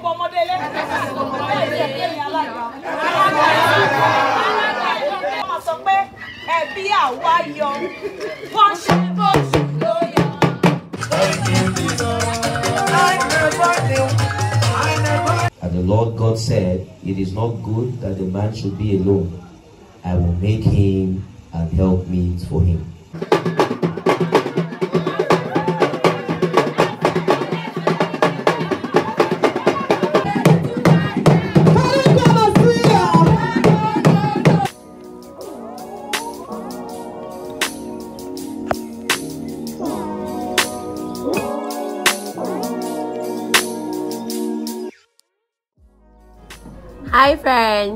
And the Lord God said, It is not good that the man should be alone. I will make him and help meet for him.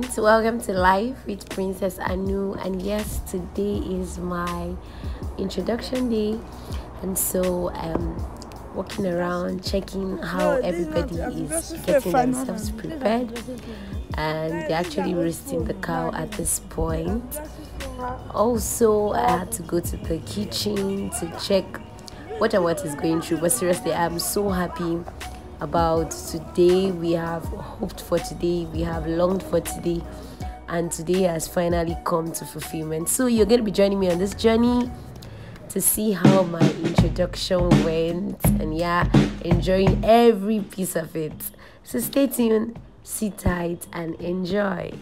friends welcome to life with princess anu and yes today is my introduction day and so i'm um, walking around checking how everybody is getting themselves prepared and they're actually roasting the cow at this point also i had to go to the kitchen to check what and what is going through but seriously i'm so happy about today. We have hoped for today, we have longed for today, and today has finally come to fulfillment. So, you're going to be joining me on this journey to see how my introduction went, and yeah, enjoying every piece of it. So, stay tuned, sit tight, and enjoy.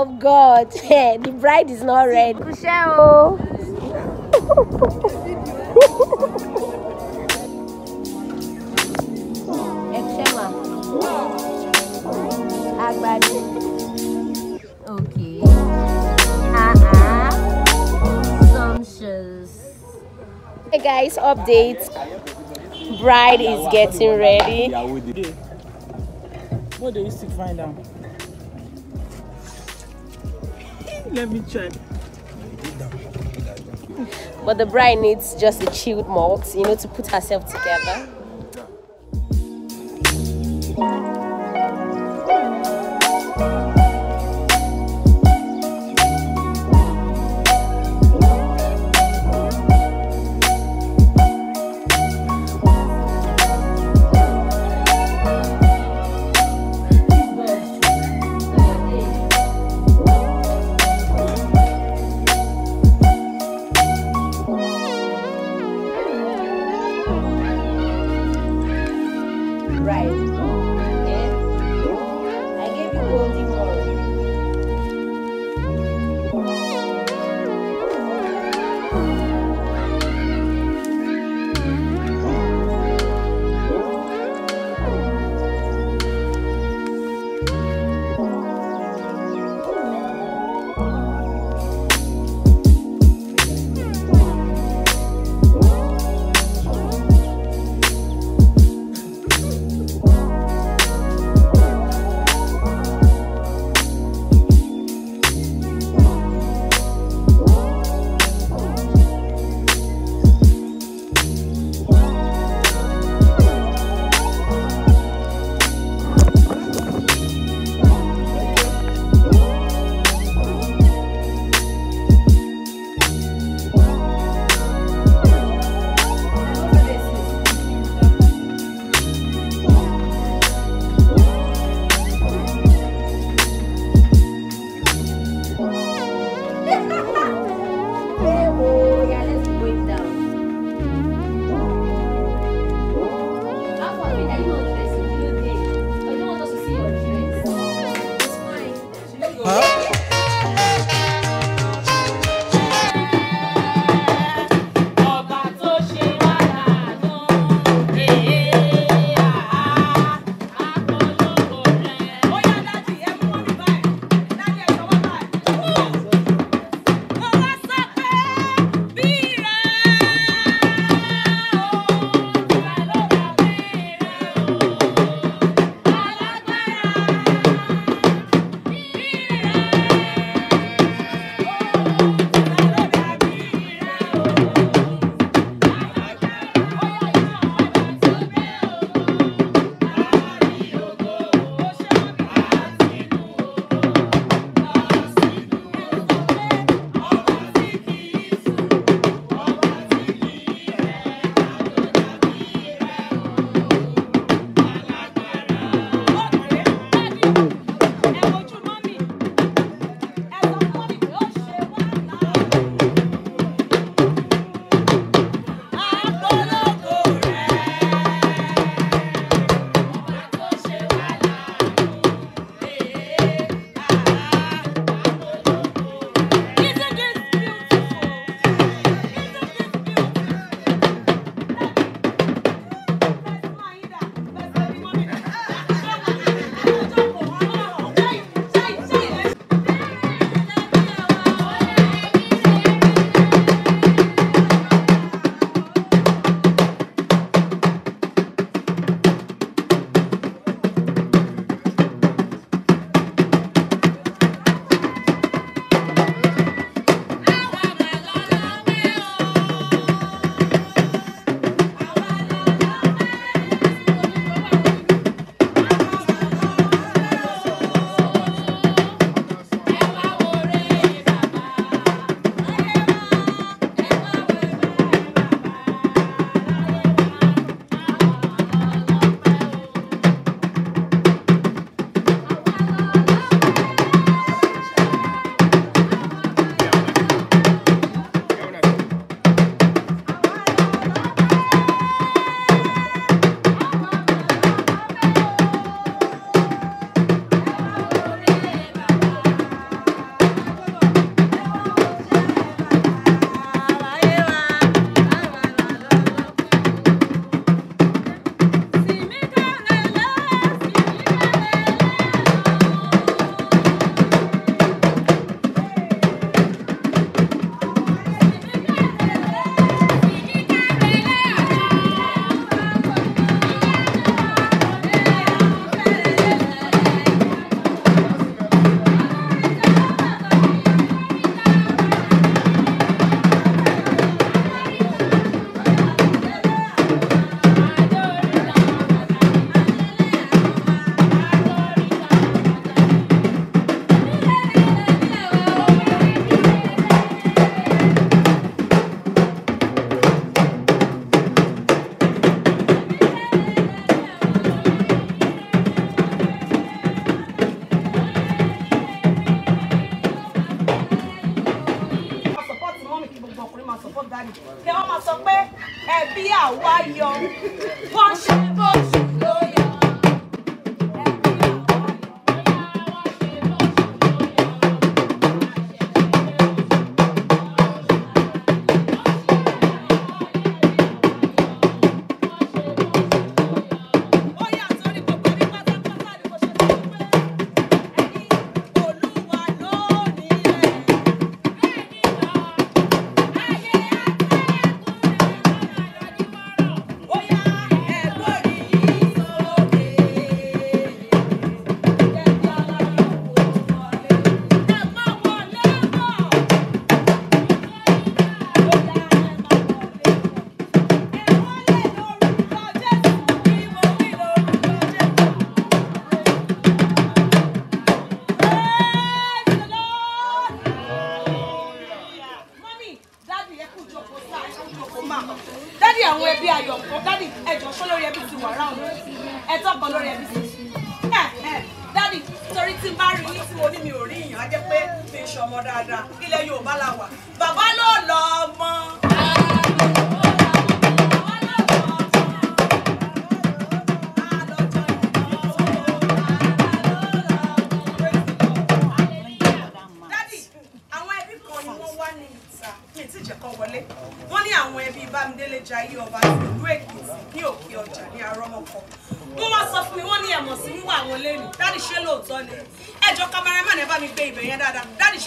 of God. the bride is not ready. okay. Uh-uh. Hey guys, update. Bride is getting ready. What do you still find out? Let me try. But the bride needs just a chilled malt, you know, to put herself together.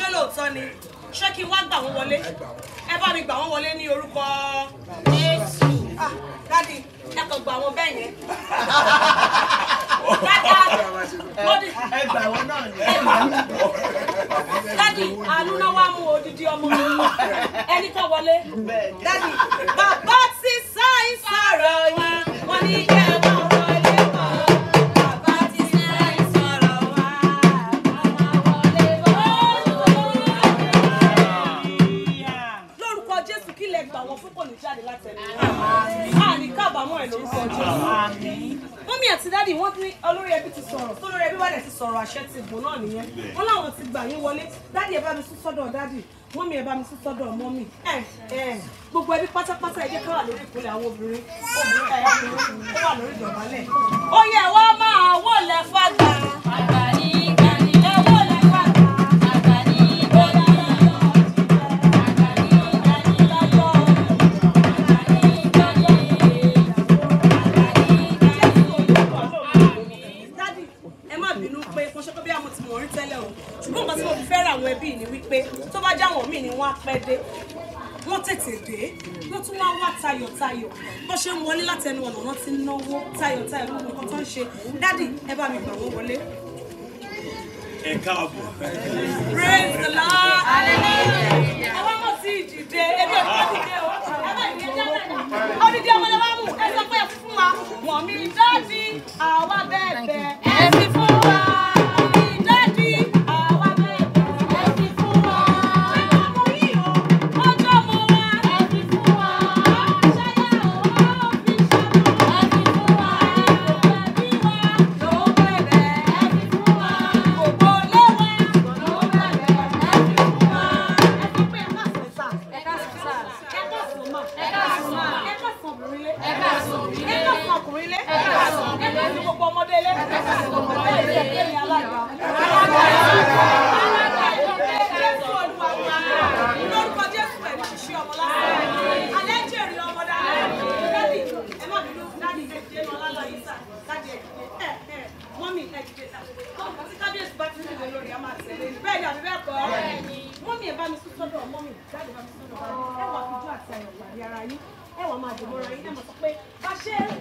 ṣé lóòótọ́ ni ṣé kí n wá gbà wọ́n wọlé ẹ bá mi gbà wọ́n wọlé ní orúkọ Jésù ah, dádì ẹ gbà wọ́n bẹ́ẹ̀ yẹn dádì àánú náà wá mú odidi ọmọ mi ẹni kan wọlé dádì bàbá ti sáì sọ̀rọ̀ yìí wọ́n ní kẹ́ ẹ wá. ní olórí ẹbí ti sọ̀rọ̀ tó ẹbí wà ti sọ̀rọ̀ àṣẹ ti gbò náà nìyẹn wọ́n láwọn ti gbà yín wọlé dádì ẹ bá mi sún sọ́dọ̀ dádì mọ́mí ẹ bá mi sún sọ́dọ̀ mọ́mí ẹ ẹ gbogbo ẹbí pátápátá ẹ jẹ́ ká wà lórí ìpínlẹ̀ àwọn obìnrin obìnrin ẹ̀yà obìnrin ó wà lórí ìdọ̀bálẹ̀ ó yẹ wọ́n máa wọlé fàgbà. bó ṣe ń wọlé láti ẹnu ọ̀nà wọn ti ń náwó tayọ̀tayọ̀ lóhun nǹkan tó ń ṣe dádì ẹ bá mi gbà wọ́n wọlé. ẹ káàbọ̀. praise the lord hallelujah. ẹ mọ̀ sí ìdìde ebi ọ̀pọ̀ ìdìde o ẹ bá ìdíje dáadáa ọ̀dìdí ọmọdé wa mú ẹ sọ pé fún wa wọ̀n mi dádì àwa bẹ́ẹ̀ bẹ́ẹ̀ ẹ̀ka sọkùnrin lé ẹ̀ka sọkùnrin lé gbogbo ọmọdé lé ẹ̀ka sọkùnrin lé ẹ̀ka sọkùnrin lé alága alága alága ìjọba jésù olúwa wa lórúkọ jésù pẹ̀lú ṣíṣe ọmọ lásán alẹ́ jèrè ọmọ dáadáa dádì ẹ má bínú dádì ẹ jẹ́ ọlá lọ yìí sà dádì ẹ ẹ mọ́mì ẹ jìde sà tí kábíyèsí bá ti ń dìbò lórí àmà àtẹ̀lé bẹ́ẹ̀ ni àbí bẹ́ẹ̀ kọ́ mọ́mì ẹ bá mi sún sọ́dọ̀ mọ́mì dáàdì bá mi sún sọ́dọ̀ ẹ wà fíjú àti àyẹ̀wò àbí ara yín ẹ wà máa dìbò ra yín ẹ mọ̀ sọ pé Cheers.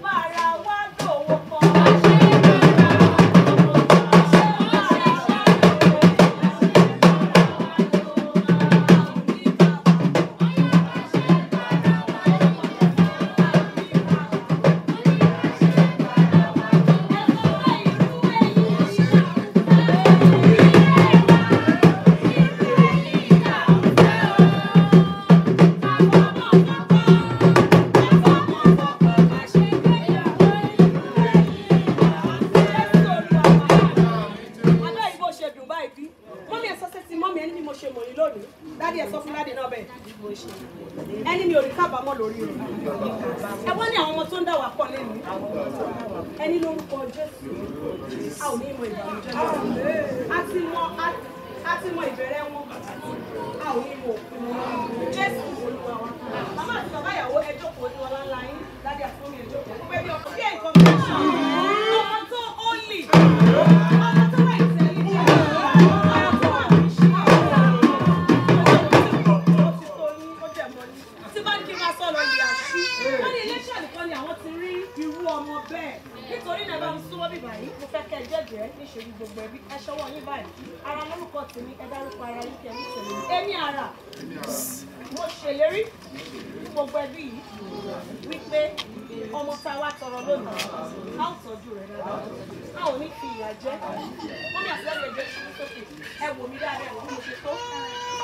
mi come ìwọ mo ṣe tó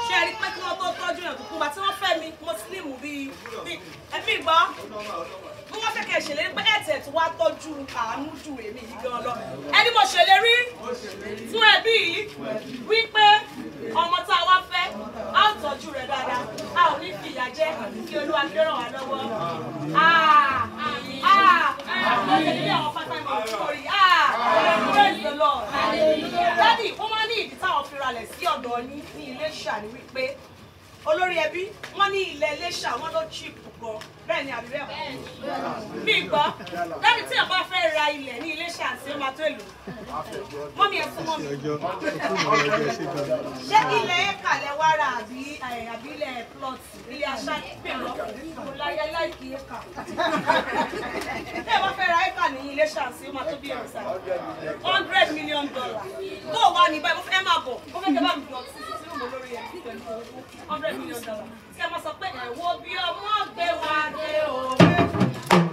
ṣe rí pé kí wọ́n tó tọ́jú yàn kúkú bá tí wọ́n fẹ́ mi mo slim bíi ẹbí ìbọn bí wọ́n fẹ́ kẹ́ ṣèlérí pé ẹ̀tẹ̀ tó wá tọ́jú àánú ju èmi yìí gan lọ ẹni mo ṣèlérí fún ẹbí yìí wípé ọmọ tá a wá fẹ́ á ò tọ́jú rẹ̀ dáadáa a ò ní fìyà jẹ kí olúwa fi ràn wá lọ́wọ́ lọ́sẹ̀ nílé àwọn pátá mi ò kalẹ̀ sí ọ̀dọ̀ yín ní Iléṣà ni wípé olórí ẹbí wọ́n ní ilẹ̀ Iléṣà wọ́n ló chip gan bẹ́ẹ̀ ni àbí bẹ́ẹ̀ mi gbọ́ lẹ́yìn tí ọba fẹ́ ra ilẹ̀ ní Iléṣà àti ọba tó èlò mọ́mí ẹ fún mọ́mí ṣé ilẹ̀ ẹ̀ka lẹ wá ra àbí àbí ilẹ̀ plot ilé aṣá pẹ̀lú kò láyé láìkí ẹ̀ka bí ẹ bá fẹ́ ra ẹ̀ka ní Iléṣà àti ọba tó bí ẹ̀ka hundred million dollars tó wà ní báyìí mo fẹ́ máa bọ̀ mo fẹ́ kẹ́ bá mi dọ̀tí hundred million dollars kí ẹ máa sọ pé ẹ̀wọ́ bí ọmọ gbé wa dé òwe.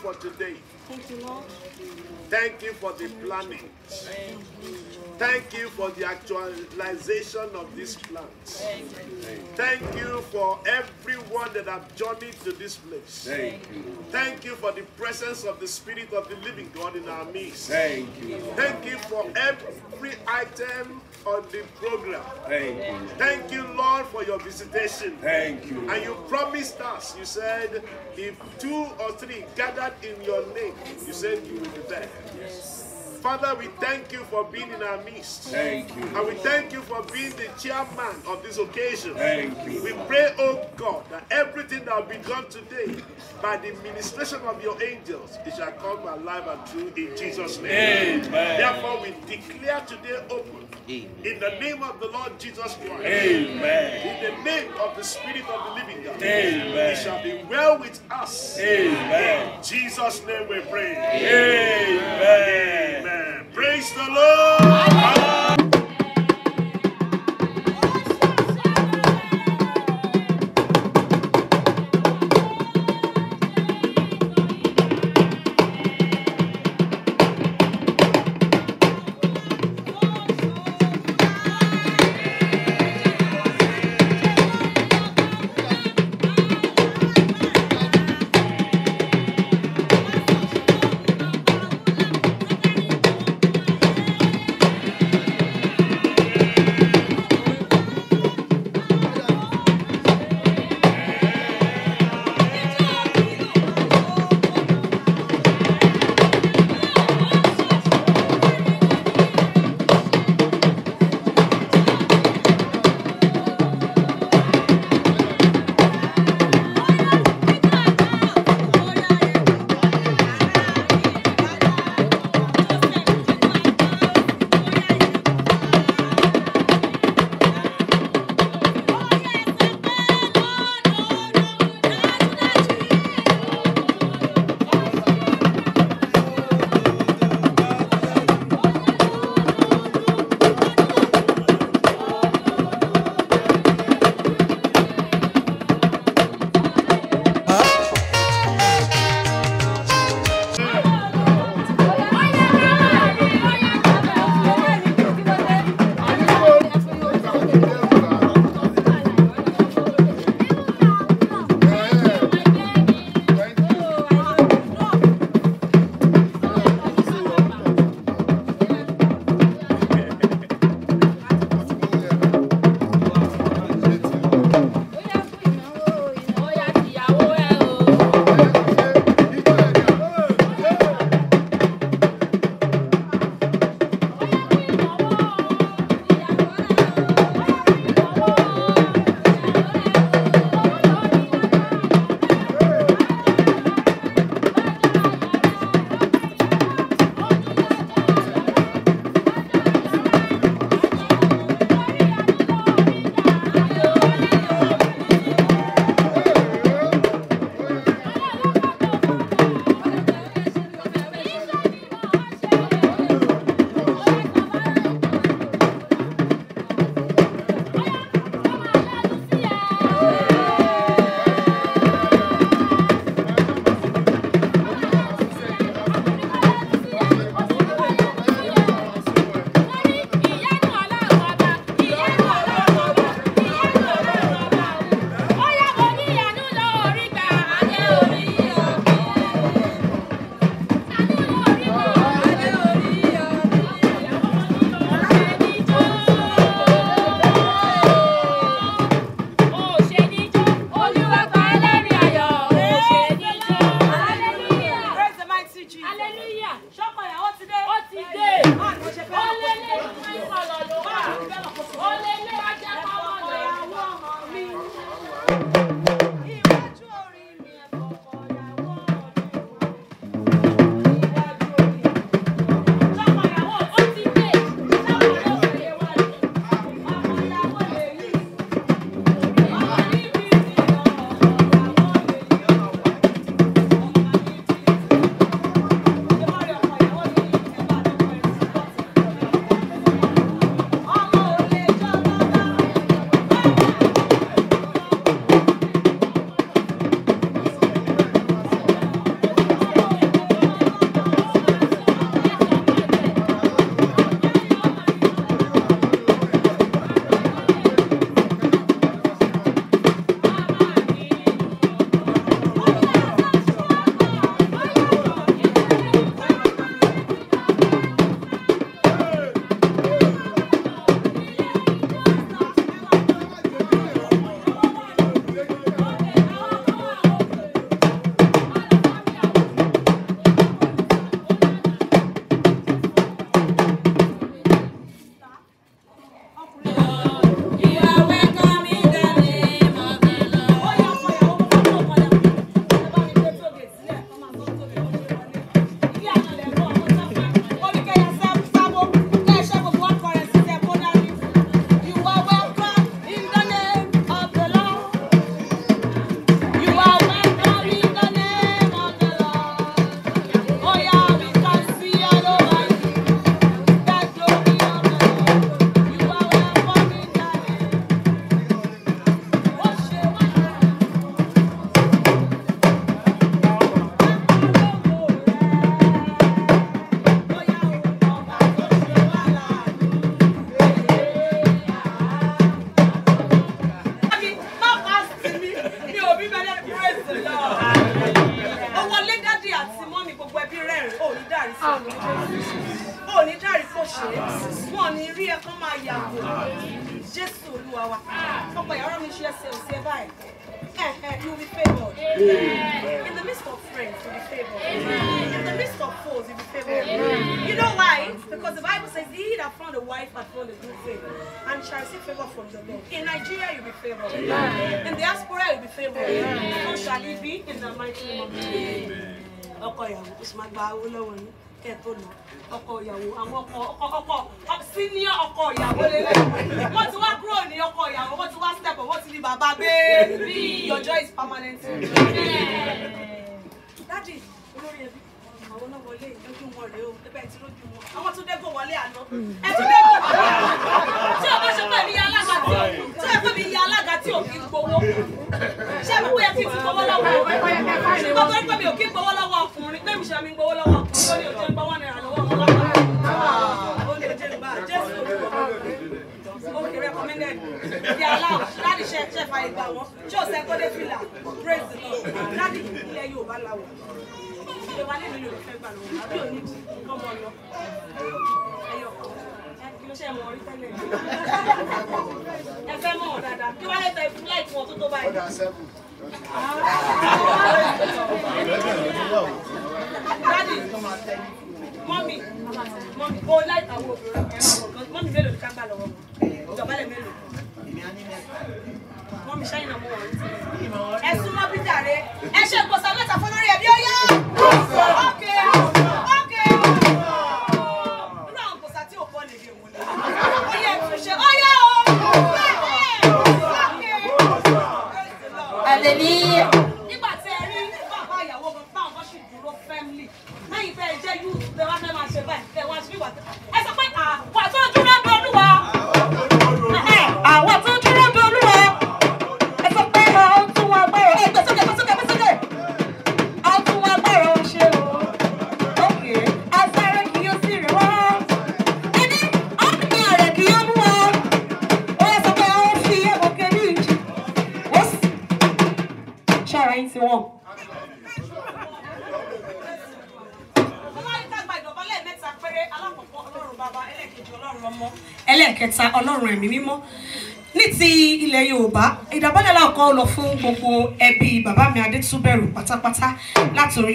for today. Thank you, Lord. Thank you for the planning. Thank you for the actualization of this plant. Thank you. Thank you for everyone that have journeyed to this place. Thank you. Thank you for the presence of the Spirit of the Living God in our midst. Thank you. Thank you for every item on the program. Thank you. Thank you, Lord, for your visitation. Thank you. And you promised us, you said, if two or three gathered in your name, you said you will be there. Yes. Father, we thank you for being in our midst. Thank you. And we thank you for being the chairman of this occasion. Thank you. We pray, oh God, that everything that will be done today by the ministration of your angels, it shall come alive and true in Jesus' name. Amen. Therefore, we declare today open in the name of the Lord Jesus Christ. Amen. In the name of the Spirit of the Living God. Amen. It shall be well with us. Amen. In Jesus' name we pray. Amen. Amen. Praise the Lord.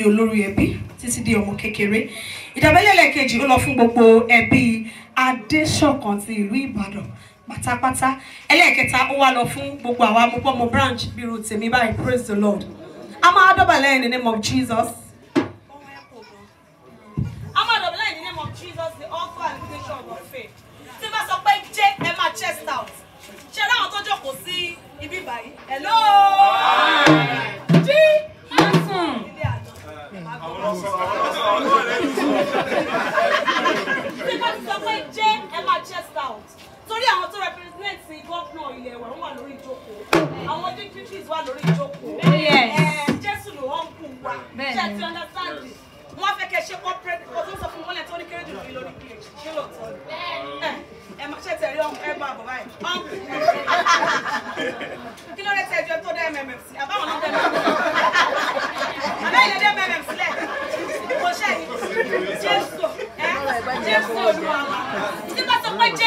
orí olórí ẹbí títí dé ọmọ kékeré ìdábẹ́lẹ́lẹ̀ kejì ó lọ fún gbogbo ẹbí adéṣọ̀kan ti ìlú ìbàdàn pátápátá ẹlẹ́ẹ̀kẹta ó wá lọ fún gbogbo àwa amúpọ̀mọ branch bírò tèmi báyìí praise the lord a máa dọ̀bálẹ̀ in the name of jesus.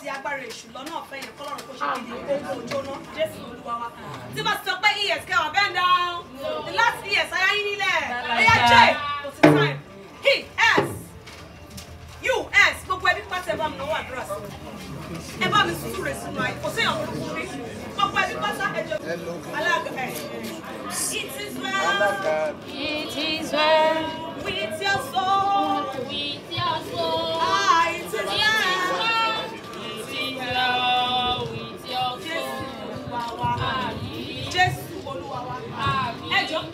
ti agbára èṣù lọ́nà ọ̀fẹ́ yẹn kọ́lọ́run kò ṣe kéde gbogbo òjòna jésù olúwa wa tí bá sọ pé es kẹwà bend down the last es ayá yín nílẹ̀ ẹ̀yà jẹ́ kò time he s u s gbogbo ẹbí pátá bá mi náwó àdúrà sí ẹ bá mi sùúrù rẹ sínú ayé kò séèyàn burúkú rí gbogbo ẹbí pátá ẹ alága ẹ it is well it is well with your soul with your soul ah it is well. are you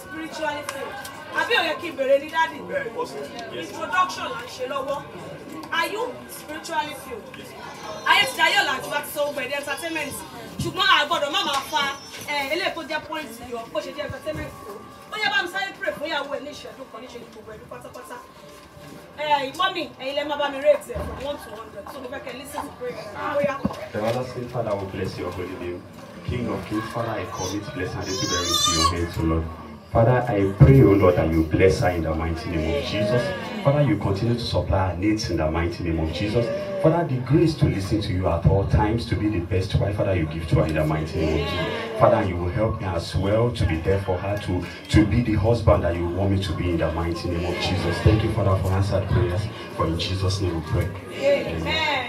spiritually saved àbí ó yẹ kí n bèrè ní introduction là are you spiritually filled ayé ti dayé ọ̀làjú wa ti sọ ogun ẹ̀dẹ̀ entertainment ṣùgbọ́n àgbọ̀dọ̀ má máa fa eléyìí tó jẹ́ point yọ bó ṣe jẹ́ entertainment tó ó yẹ bá pray fún ìyàwó ẹ̀ ní ìṣẹ́jú kan níṣẹ́ ní gbogbo ẹ̀dú pátápátá mọ́mì ẹ̀yin lẹ́ máa bá mi rate ẹ̀ eh, from one to hundred so mo fẹ́ kẹ́ listen to prayer bóyá. Ah, oh, The Lord say, Father, will bless your holy name. King of kings, Father, I commit blessed Adetuberu to your hands, O Lord. Father, I pray, O oh Lord, that you bless her in the mighty name of Jesus. Father, you continue to supply her needs in the mighty name of Jesus. Father, the grace to listen to you at all times, to be the best wife, Father, you give to her in the mighty name of Jesus. Father, you will help me as well to be there for her, to, to be the husband that you want me to be in the mighty name of Jesus. Thank you, Father, for answered prayers. For in Jesus' name we pray. Amen. Amen.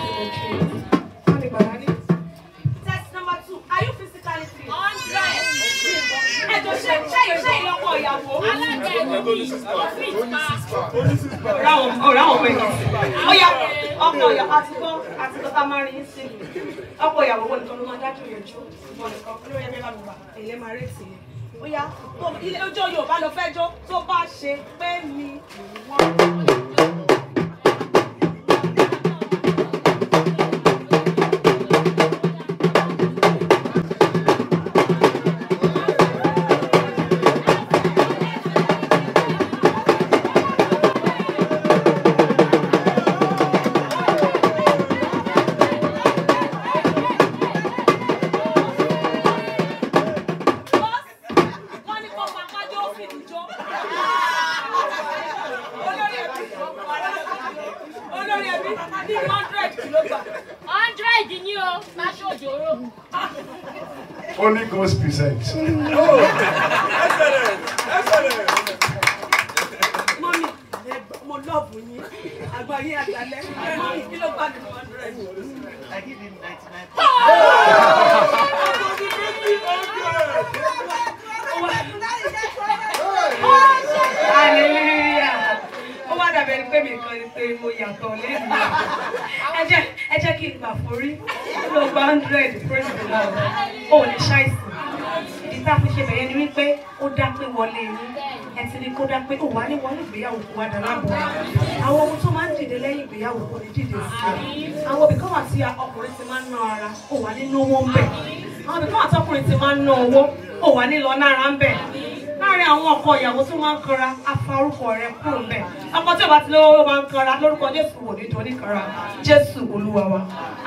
Test number two. Are you physically fit? Hundred. Ẹ̀jọ̀ ṣe ṣe iṣẹ́ ìlọ́kọ ìyàwó. Alájẹ. Ráwọ̀ ọ̀rá ọ̀pọ̀ ẹ̀kẹ́ sí. Ó yá ọkọ ìyàwó àti gbọ́ àti tọ́ta máa rí sí mi. Ọkọ ìyàwó wọn nìkan ló máa dájú ìyànjú. Ìbọn nìkan lórí ẹgbẹ́ bá mi wà. Èlé máa rè tì í. Ó yá ọjọ́ Yorùbá ló fẹ́ jó tó bá ṣe pé mi wọ́n. ẹ jẹ́ kí n gbà forí ló gba hundred praise the lord ó ní ṣáìsì ìdí tá a fi ṣe bẹ̀yẹ ni wípé ó dá pé wọlé yín ẹ ti ní kó dá pé òwá ní wọlé ìgbéyàwó kó wá dáná bọ̀ àwọn ohun tó máa ń dìde lẹ́yìn ìgbéyàwó kò ní dìde sí i àwọn òbí kan wà tí ọkùnrin ti máa ń ná ara òwá ní náwó ń bẹ̀ àwọn òbí kan wà tí ọkùnrin ti máa ń ná owó òwá ní lọ nára ń bẹ̀ láàrin àwọn ọkọ ìyàwó tí wọ́n ń kanra afarúkọ rẹ kúrò ń bẹ̀ ọkọ tí ọba ti lọ́wọ́ máa ń kanra lórúkọ Jésù wò ní torí kanra Jésù Olúwa wa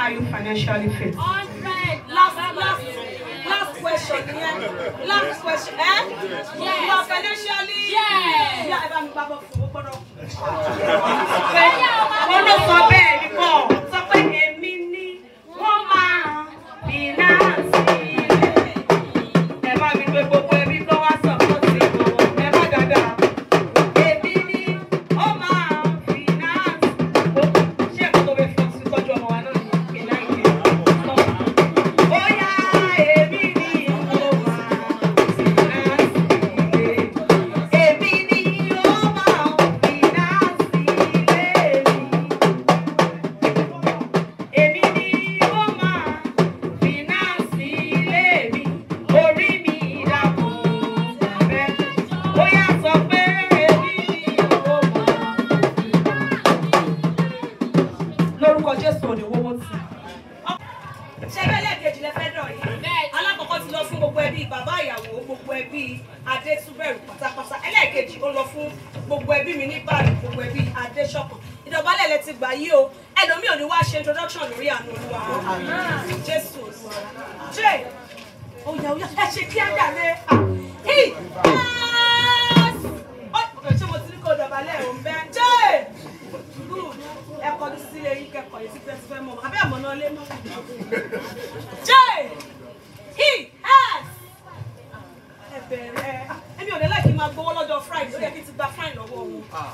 are you financially fit. last last last question yẹn last question ẹ eh? you are financially. yíyá ẹ bá mi gbàgbọ́ fún owó gbọ́dọ̀. wọ́n ló sọ bẹ́ẹ̀ ní kọ́ sọ pé èmi ni wọ́n máa bí sí. ẹ bá mi gbé gbogbo ẹ. bẹ̀rẹ̀ ò ní láì máa gbowó lọ́jọ́ friday ó yẹ ti gba fine lọ́wọ́ wọn. Ah.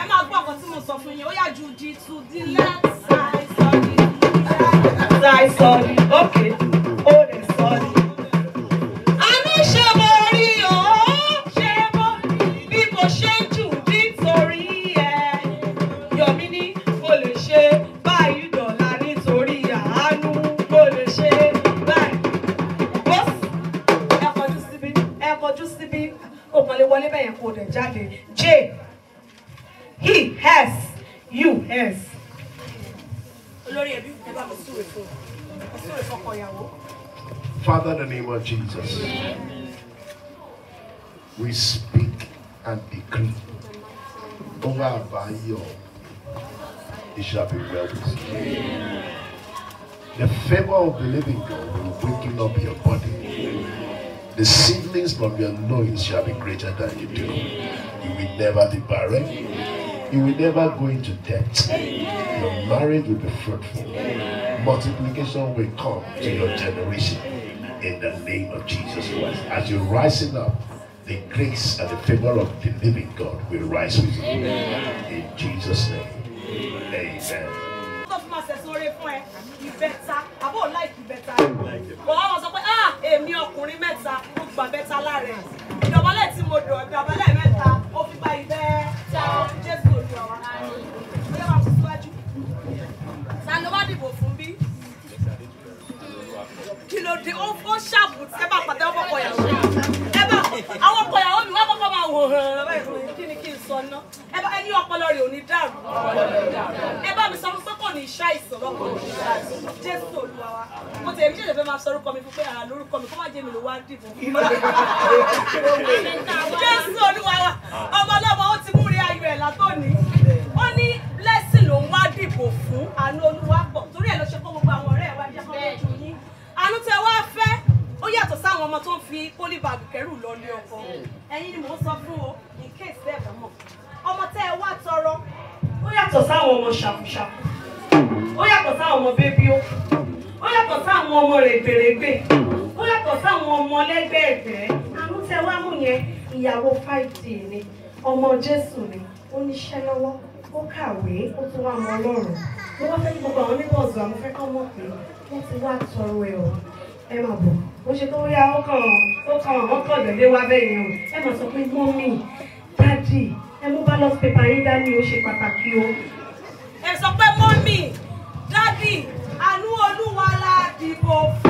ẹ máa gbọ́ nǹkan tí mo sọ fún yín ó yà di to the left side sorry side okay. of your loins shall be greater than you do. You will never be barren. You will never go into debt. Your marriage will be fruitful. Multiplication will come to your generation in the name of Jesus Christ. As you're rising up, the grace and the favor of the living God will rise with you. In Jesus' name. Amen. gba bẹ́tà láàrẹ̀ ìdọ̀bálẹ̀ tí mo dọ̀ ìdọ̀bálẹ̀ mẹ́ta ó fi gba ibẹ̀ tá a fi jésù òní ọ̀wá ó yẹ máa kó síwájú. ta ló wá dìbò fún bí? kí ló dé ó ṣàbùtẹ́ bá pàtẹ́wọ́ pọ̀ yàrá ẹ bá àwọn mi wọ́n kọ́kọ́ máa wò hàn kí ni kí n sọ ná ẹ bá ẹni ọpọlọ rẹ̀ ò ní dàrú ẹ bá mi sọ fún pé kò ní iṣẹ́ àìsàn lọ́kọ̀ jésù olúwa mo tẹ̀ mí ṣẹ̀ṣẹ̀ fẹ́ máa sọ orúkọ mi fún pé àrà lórúkọ mi kó má jẹ́ mi ló wá dìbò jésù olúwa ọmọ ọlọ́mọ ó ti múre ayọ̀ ẹ̀ látòní ó ní ṣàfùṣàfù ó yàtọ̀ sáwọn ọmọ bébí ó ó yàtọ̀ sáwọn ọmọ règbèrègbè ó yàtọ̀ sáwọn ọmọ lẹ́gbẹ̀ẹ́gbẹ́ àrùn tẹ wá mú yẹn ìyàwó fáìtì ni ọmọ Jésù ni ó níṣẹ́ lọ́wọ́ ó kàwé ó tún wá mọ Ọlọ́run mo wá fẹ́ kí gbogbo àwọn oníbọ̀ọ̀sù àwọn fẹ́ kọ́ mọ̀ pé wọ́n ti wá tọrọ ẹ̀ ọ̀ ẹ máa bọ̀ ó ṣe tó yá ó kàn ó kàn ó kàn dẹ̀dẹ̀ wá bẹ́ẹ̀ yẹn o ẹ máa sọ pé mọ́mì dádì ẹ mú bá lọ́ọ́ pépà yín dání ó ṣe pàtàkì o ẹ sọ pé mọ́mì dádì àánú olúwa la dìbò fún.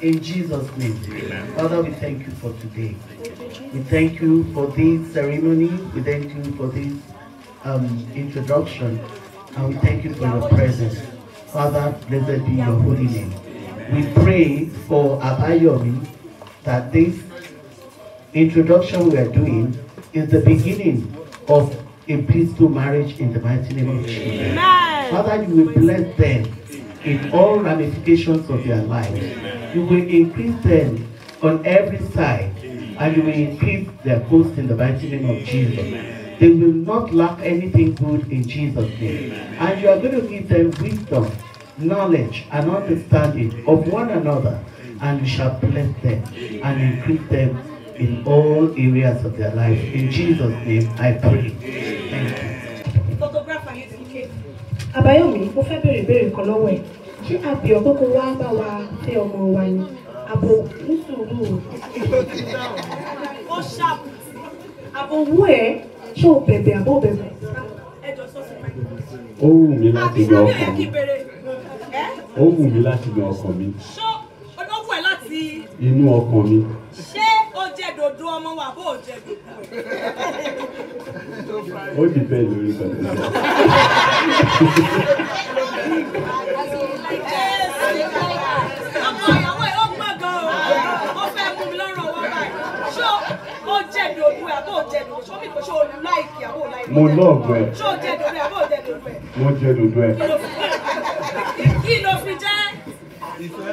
In Jesus' name. Amen. Father, we thank you for today. We thank you for this ceremony. We thank you for this um, introduction. And we thank you for your presence. Father, blessed be your holy name. We pray for Abayomi that this introduction we are doing is the beginning of a peaceful marriage in the mighty name of Jesus. Amen. Father, you will bless them in all ramifications of their lives. You will increase them on every side and you will increase their posts in the mighty name of Jesus. They will not lack anything good in Jesus' name. And you are going to give them wisdom, knowledge, and understanding of one another. And you shall bless them and increase them in all areas of their life. In Jesus' name, I pray. Thank you. Photographer, you okay? Abayomi, mo fẹ́ béèrè ìbéèrè kan lọ́wọ́ ẹ̀. Ṣé àbí ọ̀gbọ́n kan wá bá wa fẹ́ ọmọ wa ni? Àbò ní sùúrù. Ó ṣàbù. Àbò wú ẹ̀ ṣé o bẹ̀bẹ̀ àbò bẹ̀bẹ̀? Ó wù mí láti yan ọkàn mi. Ó wù mí láti yan ọkàn mi. Ṣé olówó ẹ̀ láti? Inú ọkàn mi. Ṣé ó jẹ́ dòdò ọmọ wa bó o jẹ́ dòdò ẹ̀. ó dìbẹ́ lórí pẹ̀lú. ọmọ ìyàwó ẹ̀ ó gbọ́n gan-an ó fẹ́ mú mi lọ́rùn ọwọ́ báyìí ṣó ó jẹ́ dòdò ẹ̀ àbó jẹ́ dòdò ṣó mi kò ṣó láìkì àbó láìkì. mo lọ́ọ̀gbẹ́. ṣó jẹ́ dòdò ẹ̀ àbó jẹ́ dòdò ẹ̀. mo jẹ́ dòdò ẹ̀. kí ló fi jẹ́. ìfẹ́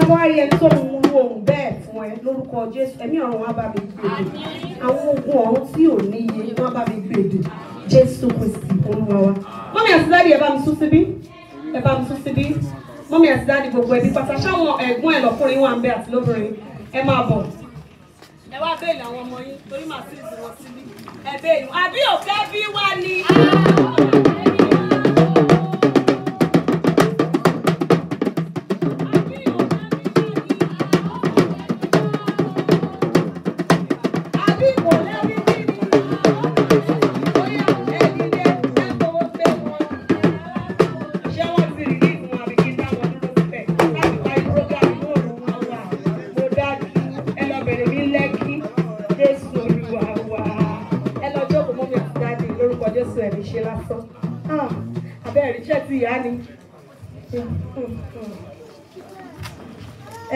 ká wá rí ẹni tó ń mú ohun bẹ́ẹ̀ fún ẹ lórúkọ Jésù ẹ̀mí ọ̀run wá bá mi gbèdè àwọn ogun ọ̀run tí ò ní iye wá bá mi gbèdè Jésù Kristi Olúwa wa. mọ́mí àti dáàdi ẹ̀ bá mi sún síbí ẹ̀ bá mi sún síbí mọ́mí àti dáàdi gbogbo ẹbí pátá ṣáwọn ẹ̀gbọ́n ẹ̀ lọ́kùnrin wà ń bẹ àti lóbìnrin ẹ máa bọ̀. ẹ wá bẹ́ẹ̀lì àwọn ọmọ yín torí màá sí ìsìn síbí ẹ bẹ́ẹ̀lì àbí òkè bí wá ní.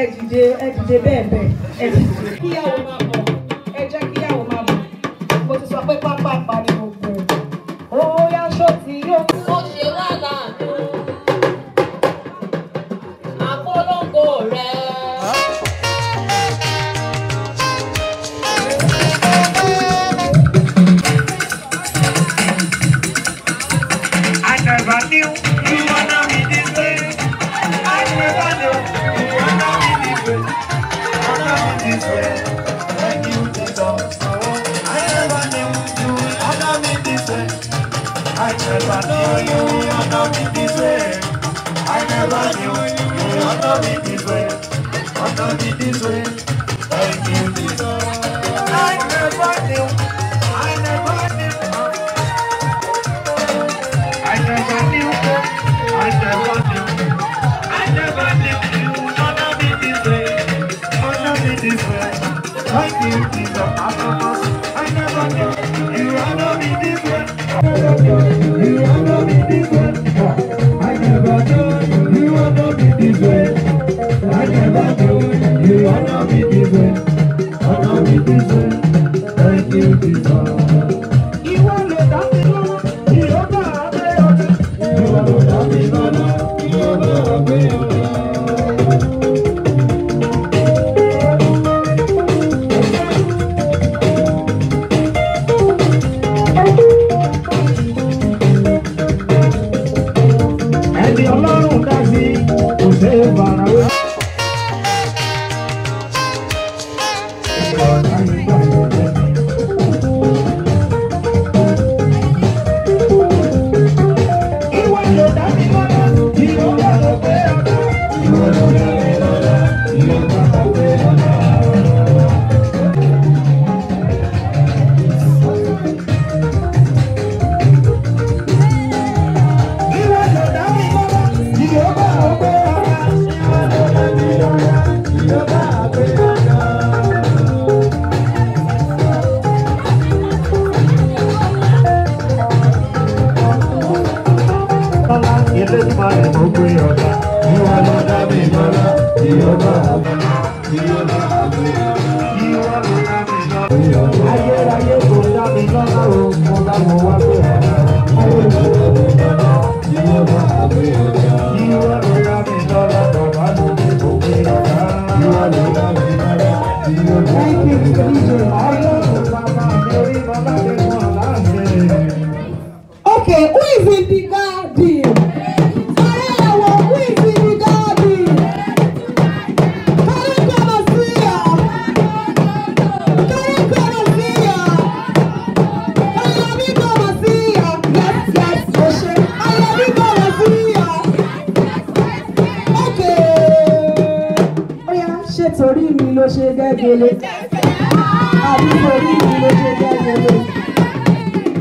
ẹ dìde ẹ dìde bẹ́ẹ̀ bẹ́ẹ̀ ẹ dìde. ló ṣe gẹ́gẹ́lé àbí torí mi ló ṣe gẹ́gẹ́lé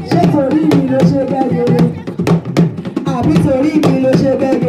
ṣé torí mi ló ṣe gẹ́gẹ́lé àbí torí mi ló ṣe gẹ́gẹ́lé.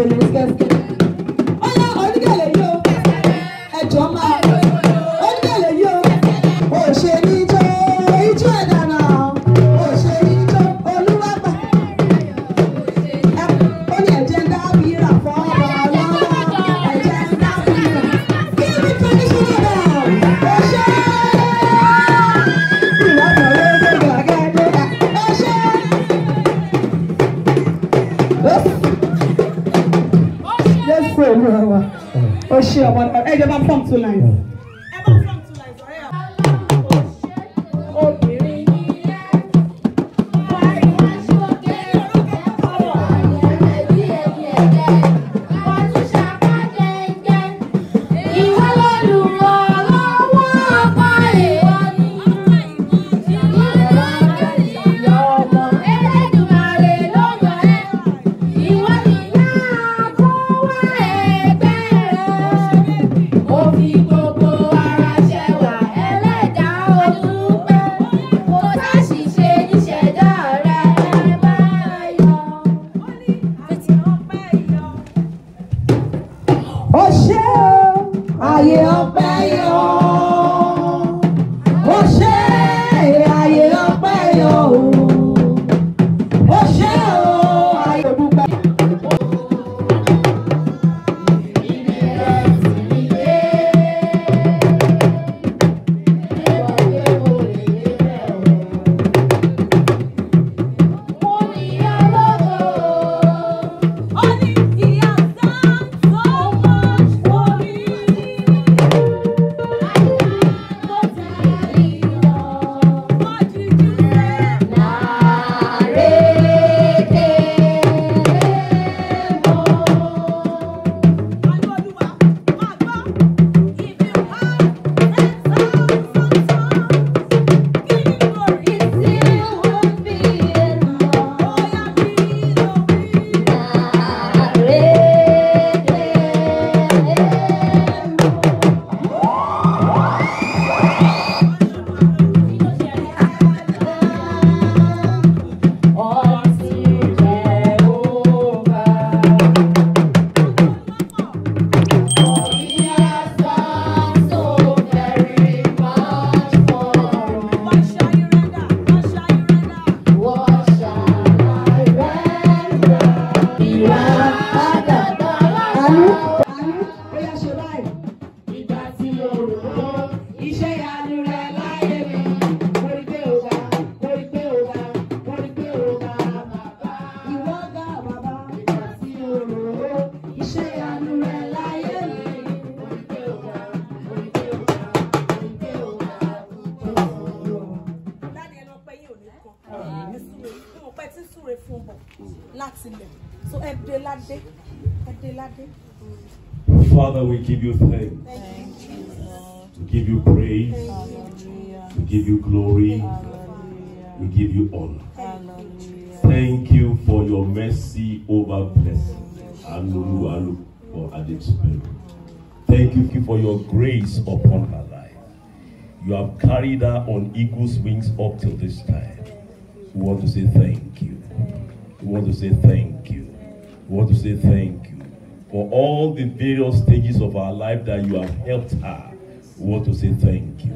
for all the various stages of our life that you have helped her. We want to say thank you.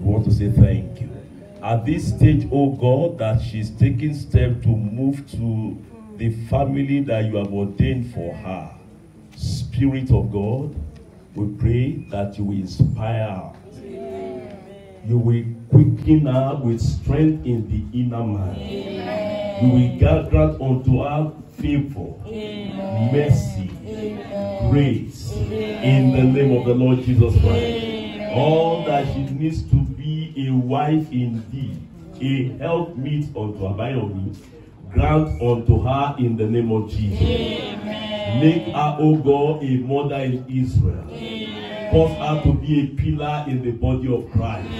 We want to say thank you. At this stage, oh God, that she's taking steps to move to the family that you have ordained for her. Spirit of God, we pray that you will inspire You will quicken her with strength in the inner man. You will grant unto her favor, Amen. mercy, praise in the name of the Lord Jesus Christ. All that she needs to be a wife indeed, a helpmeet unto Abayoni, grant unto her in the name of Jesus. Make her, O God, a mother in Israel. Cause her to be a pillar in the body of Christ.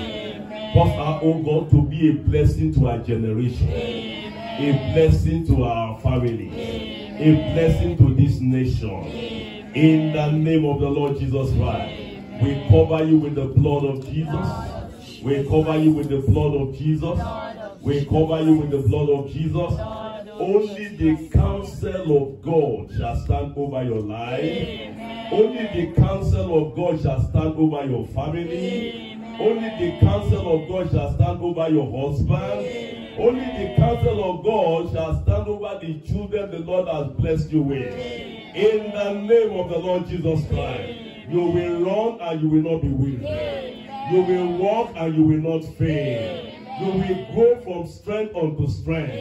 Cause her, O God, to be a blessing to our generation, a blessing to our family, a blessing to this nation. In the name of the Lord Jesus Christ. We cover you with the blood of Jesus. We cover you with the blood of Jesus. We cover you with the blood of Jesus. Only the counsel of God shall stand over your life. Only the counsel of God shall stand over your family. Only the counsel of God shall stand over your husband. Only the counsel of God shall stand over the children the Lord has blessed you with. In the name of the Lord Jesus Christ, you will run and you will not be weary. You will walk and you will not fail. You will go from strength unto strength.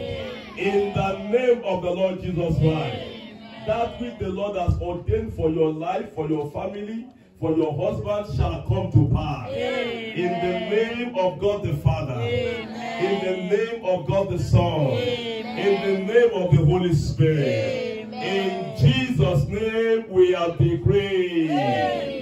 In the name of the Lord Jesus Christ, that which the Lord has ordained for your life, for your family, for your husband shall come to pass. Amen. In the name of God the Father. Amen. In the name of God the Son. Amen. In the name of the Holy Spirit. In Jesus' name we are decreed. Amen.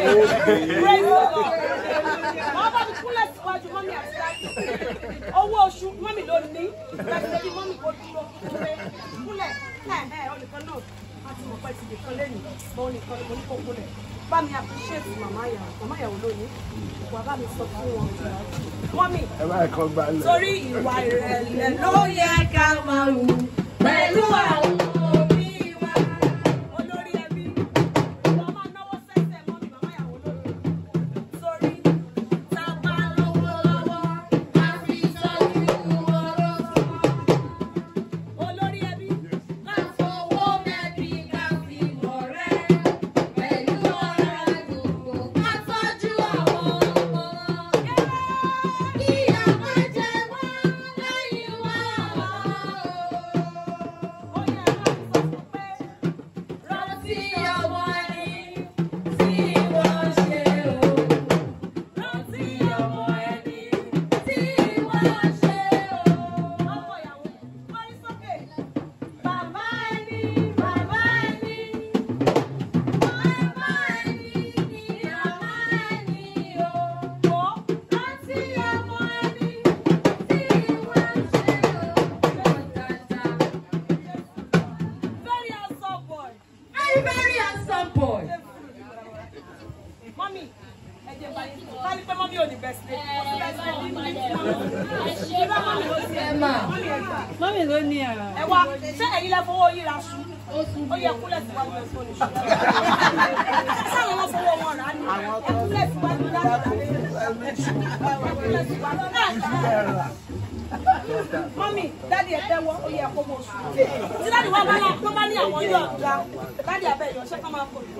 praise the lord appreciate màmá yà màmá yà wò lónìí wà bá mi sọ ká ní mọ́mí ló ní ẹ̀rọ. ẹ wá ṣé ẹ̀yin lẹ fowó yín ra sùn ó yẹ kúlẹ̀ síwájú ẹ̀ tó ní sáwọn wọn fowó wọn rà á ní ẹ kúlẹ̀ síwájú láti rà á ní ẹ kúlẹ̀ síwájú láti rà á ní mọ́mí dáàdì ẹ̀ tẹ́wọ́ ó yẹ kó mo sùn. tí dáàdì wọn bá yà tó bá ní àwọn yóò ga dáàdì abẹ́ ìyọ̀ ṣẹ́ ká máa kò ní.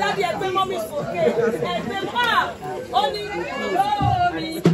dáàdì ẹ̀ gbé mọ́mí sókè ẹ̀ gbé mọ́ ó ní ìlú mi.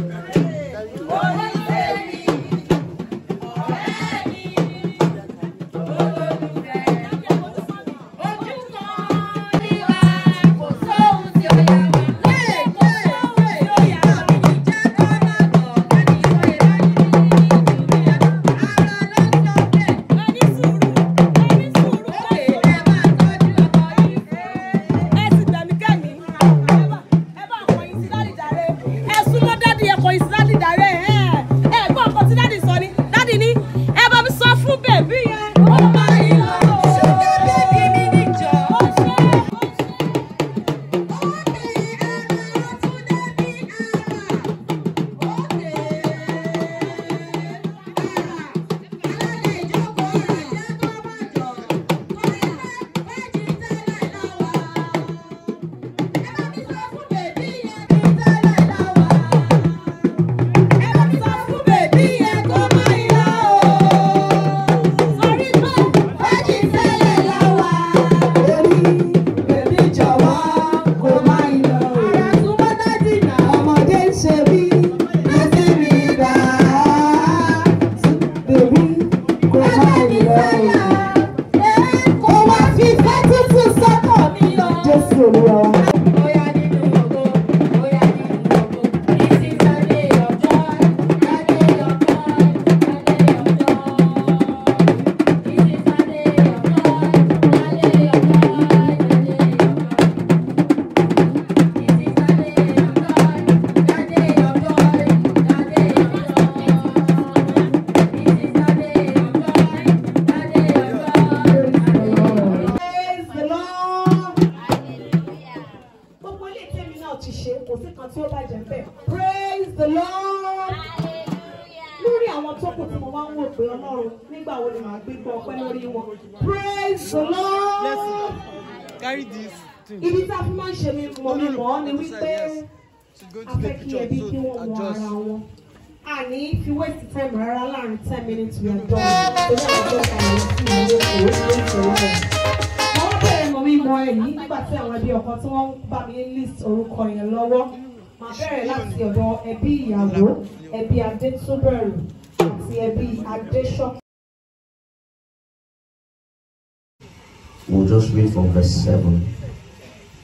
verse 7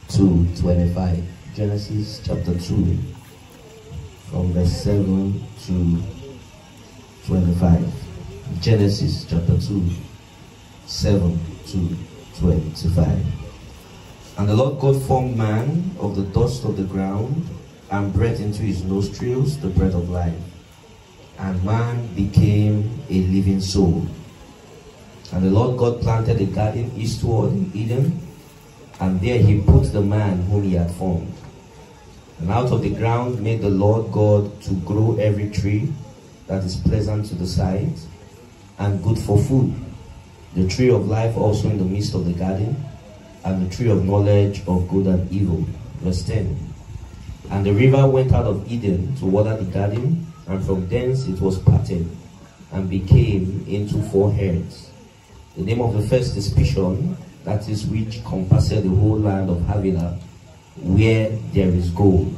to 25. Genesis chapter 2 from verse 7 to 25. Genesis chapter 2, 7 to 25. And the Lord God formed man of the dust of the ground and breathed into his nostrils the breath of life. And man became a living soul. And the Lord God planted a garden eastward in Eden, and there he put the man whom he had formed. And out of the ground made the Lord God to grow every tree that is pleasant to the sight and good for food, the tree of life also in the midst of the garden, and the tree of knowledge of good and evil. Verse 10. And the river went out of Eden to water the garden, and from thence it was parted and became into four heads the name of the first is Pishon, that is which compasses the whole land of Havilah, where there is gold.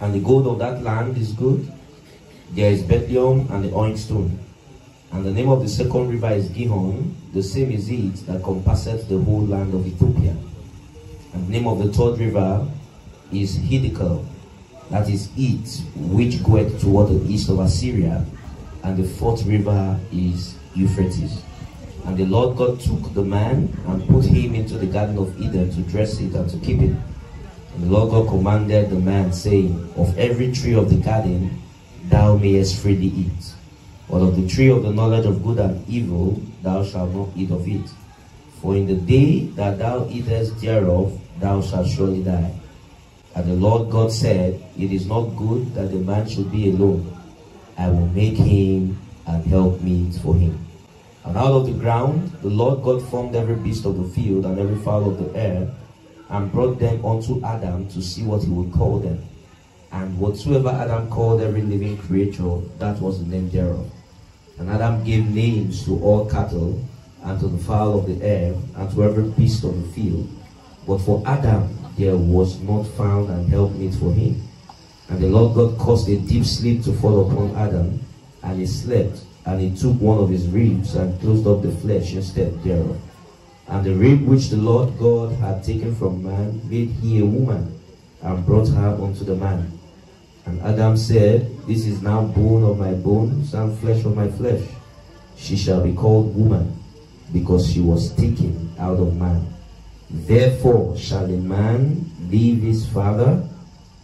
And the gold of that land is good. There is Bethlehem and the ointstone. And the name of the second river is Gihon, the same is it that compasses the whole land of Ethiopia. And the name of the third river is Hiddekel, that is it which goeth toward the east of Assyria. And the fourth river is Euphrates. And the Lord God took the man and put him into the Garden of Eden to dress it and to keep it. And the Lord God commanded the man, saying, Of every tree of the garden thou mayest freely eat, but of the tree of the knowledge of good and evil thou shalt not eat of it. For in the day that thou eatest thereof, thou shalt surely die. And the Lord God said, It is not good that the man should be alone. I will make him and help meet for him. And out of the ground the Lord God formed every beast of the field and every fowl of the air, and brought them unto Adam to see what he would call them. And whatsoever Adam called every living creature, that was the name thereof. And Adam gave names to all cattle, and to the fowl of the air, and to every beast of the field. But for Adam there was not found an helpmate for him. And the Lord God caused a deep sleep to fall upon Adam, and he slept. And he took one of his ribs and closed up the flesh instead thereof. And the rib which the Lord God had taken from man made he a woman and brought her unto the man. And Adam said, This is now bone of my bones and flesh of my flesh. She shall be called woman because she was taken out of man. Therefore shall a man leave his father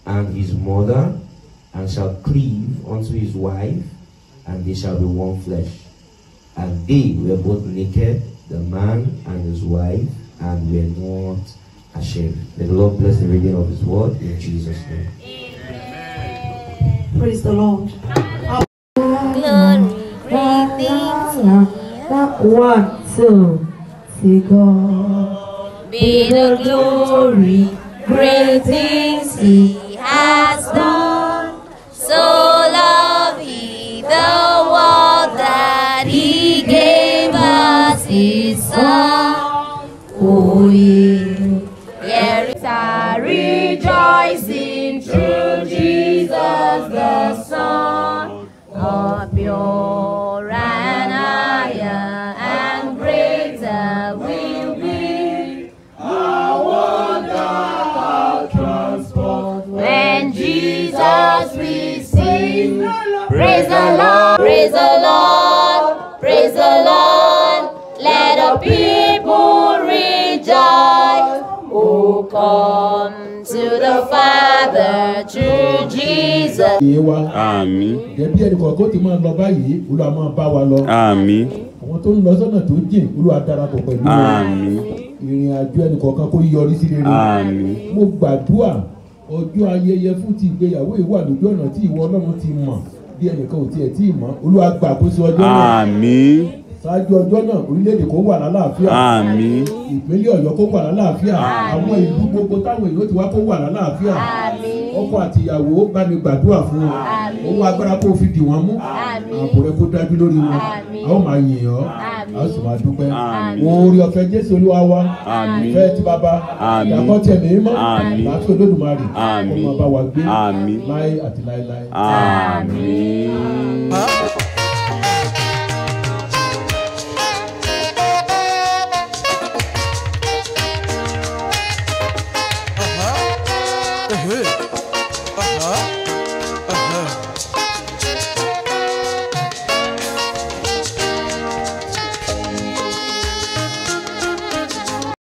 and his mother, and shall cleave unto his wife, and they shall be one flesh. And they were both naked, the man and his wife, and were not ashamed. May the Lord bless the reading of his word in Jesus' name. Amen. Praise the Lord. Glory, great One, two, to God be the glory, great things He has done. So 감사합니다. 아. come to the Father through Jesus. Ìyè wa. Àmín. Jẹ̀bi ẹnìkan kó ti máa lọ báyìí, Olúwa máa bá wa lọ. Àmín. Àwọn tó ń lọ sọ́nà tó jìn, Olúwa darapọ̀ pẹ̀lú wa. Àmín. Ìrìn àjò ẹnìkọ̀ọ̀kan kó yọrí sí rere. Àmín. Mo gbàdúrà ọjọ́ ayẹyẹ fún ti ìgbéyàwó ìwà lójú ọ̀nà tí ìwọ Ọlọ́run ti mọ̀ bí ẹnìkan ò tiẹ̀ tí ì mọ̀ Olúwa gbà kó sí ọjọ́ náà. Àmín ṣáájú ọjọ́ náà orílẹ̀-èdè kò wà lálàáfíà. ìpínlẹ̀ ọ̀yọ́ kò wà lálàáfíà. àwọn ìlú gbogbo táwọn èèyàn ti wá kò wà lálàáfíà. ọkọ àti ìyàwó bá mi gbàdúrà fún wọn. owó agbára kó fi dì wọ́n mú. àmín. kó dájú lórí wọn. a ó máa yìn ọ́. a ó sì máa dúpẹ́. oore ọ̀fẹ́ jésù olúwa wa. fẹ́ ti bàbá. ìyàkọ́ tiẹ̀ mi mọ́. láti olódùmarè. ọmọ bá wa gbé. láé àti láéláé.